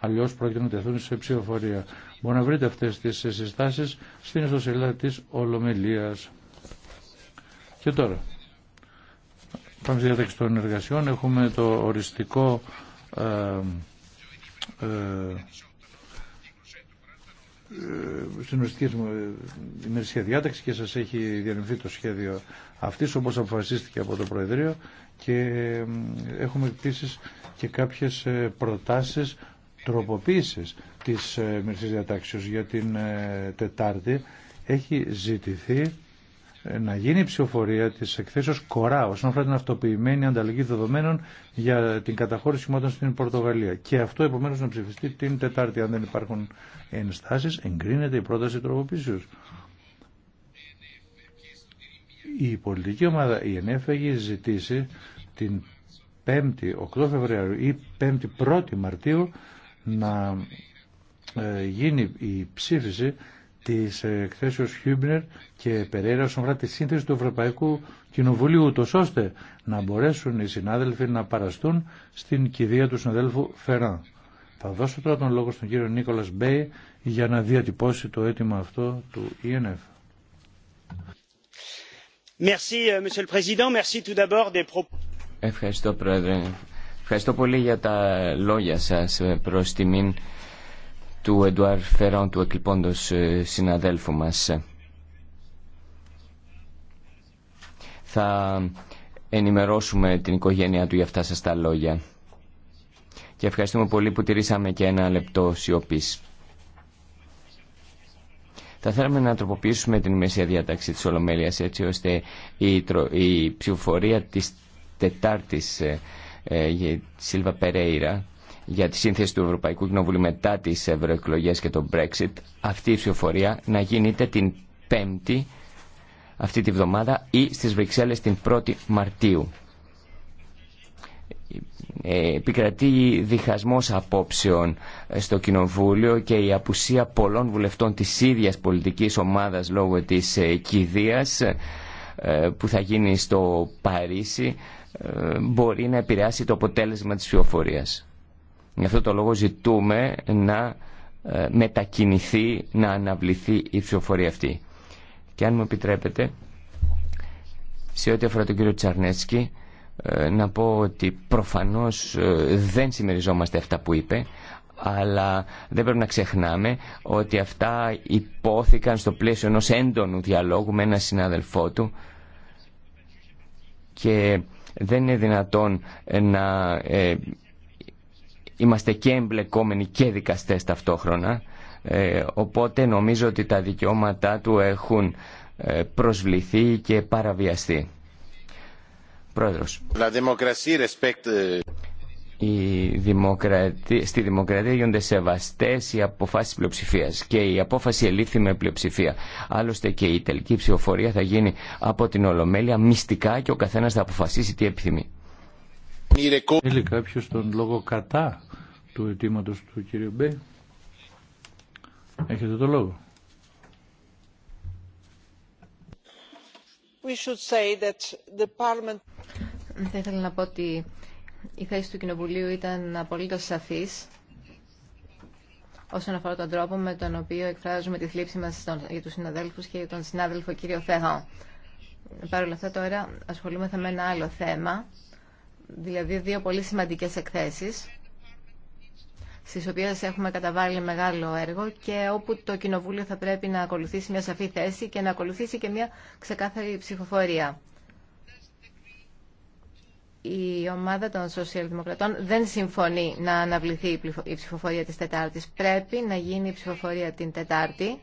αλλιώ πρόκειται να τεθούν σε ψηφοφορία. Μπορεί να βρείτε αυτέ τι συστάσει στην ιστοσελίδα τη Ολομελία. Και τώρα, πάμε στη διάταξη των εργασιών. Έχουμε το οριστικό. Ε, ε ε, στην ουσιαστική ε, ημερησία διάταξη και σας έχει διανεμηθεί το σχέδιο αυτής όπως αποφασίστηκε από το Προεδρείο και έχουμε επίση και κάποιες ε, προτάσεις τροποποίησης της ημερησίας διατάξεως για την Τετάρτη έχει ζητηθεί ε, να γίνει η ψηφοφορία τη εκθέσεω Κορά όσον αφορά την αυτοποιημένη ανταλλαγή δεδομένων για την καταχώρηση σχημάτων στην Πορτογαλία. Και αυτό επομένω να ψηφιστεί την Τετάρτη. Αν δεν υπάρχουν ενστάσει, εγκρίνεται η πρόταση τροποποίησεω. Η πολιτική ομάδα, η ΕΝΕΦ, έχει ζητήσει την 5η 8 Φεβρουαρίου ή 5η 1η Μαρτίου να ε, γίνει η ψήφιση Τη εκθέσεως Χιούμπνερ και Περέρα όσον αφορά τη σύνθεση του Ευρωπαϊκού Κοινοβουλίου, ούτως ώστε να μπορέσουν οι συνάδελφοι να παραστούν στην κηδεία του συναδέλφου Φεράν. Θα δώσω τώρα τον λόγο στον κύριο Νίκολας Μπέι για να διατυπώσει το αίτημα αυτό του ΙΕΝΕΦ. Ευχαριστώ, Πρόεδρε. Ευχαριστώ πολύ για τα λόγια σας ε, προς τιμήν του Εντουάρ Φερόν, του εκλειπώντος ε, συναδέλφου μας. Θα ενημερώσουμε την οικογένειά του για αυτά σας τα λόγια. Και ευχαριστούμε πολύ που τηρήσαμε και ένα λεπτό σιωπής. Θα θέλαμε να τροποποιήσουμε την μεσαία διάταξη της Ολομέλειας έτσι ώστε η, η ψηφοφορία της Τετάρτης ε, ε, Σίλβα Περέιρα για τη σύνθεση του Ευρωπαϊκού Κοινοβουλίου μετά τις ευρωεκλογέ και το Brexit, αυτή η ψηφοφορία να γίνεται την Πέμπτη αυτή τη βδομάδα ή στις Βρυξέλλες την 1η Μαρτίου. Ε, επικρατεί διχασμός απόψεων στο Κοινοβούλιο και η απουσία πολλών βουλευτών της ίδιας πολιτικής ομάδας λόγω της ε, κηδείας ε, που θα γίνει στο Παρίσι μπορεί να επηρεάσει το αποτέλεσμα της ψηφοφορίας. Γι' αυτό το λόγο ζητούμε να ε, μετακινηθεί, να αναβληθεί η ψηφοφορία αυτή. Και αν μου επιτρέπετε, σε ό,τι αφορά τον κύριο Τσάρνεσκι, ε, να πω ότι προφανώς ε, δεν συμμεριζόμαστε αυτά που είπε, αλλά δεν πρέπει να ξεχνάμε ότι αυτά υπόθηκαν στο πλαίσιο ενός έντονου διαλόγου με έναν συνάδελφό του και δεν είναι δυνατόν να είμαστε και εμπλεκόμενοι και δικαστές ταυτόχρονα, ε, οπότε νομίζω ότι τα δικαιώματά του έχουν ε, προσβληθεί και παραβιαστεί. Πρόεδρος. Η ε, δημοκρατία, στη δημοκρατία γίνονται σεβαστέ οι αποφάσει πλειοψηφία και η απόφαση ελήφθη με πλειοψηφία. Άλλωστε και η τελική ψηφοφορία θα γίνει από την Ολομέλεια μυστικά και ο καθένα θα αποφασίσει τι επιθυμεί. Θέλει κάποιος τον λόγο κατά του αιτήματο του κύριου Μπέ. Έχετε το λόγο. We should say that the parliament... Θα ήθελα να πω ότι η θέση του Κοινοβουλίου ήταν απολύτως σαφής όσον αφορά τον τρόπο με τον οποίο εκφράζουμε τη θλίψη μας για τους συναδέλφους και για τον συνάδελφο κύριο Φέχα. Παρ' όλα αυτά τώρα ασχολούμαστε με ένα άλλο θέμα δηλαδή δύο πολύ σημαντικές εκθέσεις στις οποίες έχουμε καταβάλει μεγάλο έργο και όπου το Κοινοβούλιο θα πρέπει να ακολουθήσει μια σαφή θέση και να ακολουθήσει και μια ξεκάθαρη ψηφοφορία. Η ομάδα των Σοσιαλδημοκρατών δεν συμφωνεί να αναβληθεί η ψηφοφορία της Τετάρτης. Πρέπει να γίνει η ψηφοφορία την Τετάρτη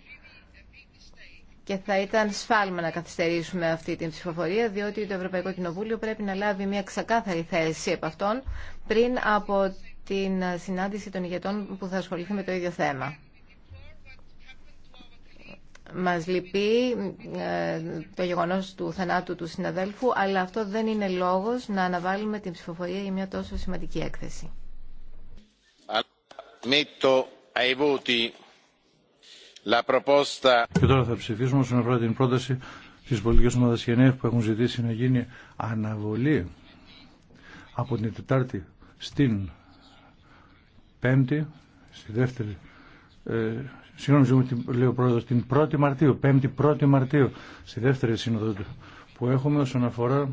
και θα ήταν σφάλμα να καθυστερήσουμε αυτή την ψηφοφορία, διότι το Ευρωπαϊκό Κοινοβούλιο πρέπει να λάβει μια ξεκάθαρη θέση από αυτόν, πριν από την συνάντηση των ηγετών που θα ασχοληθεί με το ίδιο θέμα. Μας λυπεί ε, το γεγονός του θανάτου του συναδέλφου, αλλά αυτό δεν είναι λόγος να αναβάλουμε την ψηφοφορία για μια τόσο σημαντική έκθεση. Και τώρα θα ψηφίσουμε όσον αφορά την πρόταση τη πολιτική ομάδα Γενέα που έχουν ζητήσει να γίνει αναβολή από την Τετάρτη στην Πέμπτη, στη δεύτερη. Ε, Συγγνώμη, την, λέω την 1η Μαρτίου, 5η Μαρτίου, στη δεύτερη σύνοδο που έχουμε όσον αφορά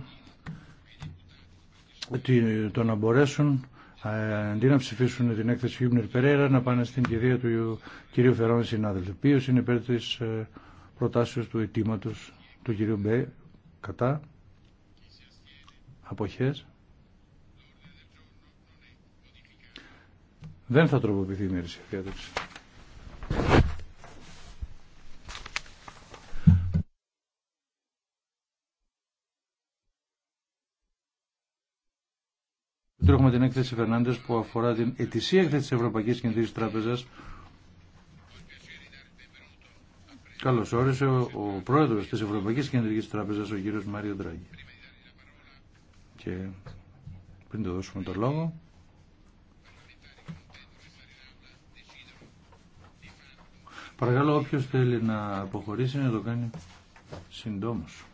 το να μπορέσουν αντί να ψηφίσουν την έκθεση Χιούμπνερ Περέρα να πάνε στην κυρία του κυρίου Φερόν συνάδελφου. οποίο είναι υπέρ τη ε, προτάσεω του αιτήματο του κυρίου Μπέ κατά αποχές. Δεν θα τροποποιηθεί η μέρη διάταξη. Τώρα έχουμε την έκθεση Φερνάντε που αφορά την ετησία έκθεση τη Ευρωπαϊκή Κεντρική Τράπεζα. Καλώ όρισε ο, πρόεδρο τη Ευρωπαϊκή Κεντρική Τράπεζα, ο κύριο Μάριο Ντράγκη. Και πριν το δώσουμε το λόγο. Παρακαλώ όποιος θέλει να αποχωρήσει να το κάνει συντόμως.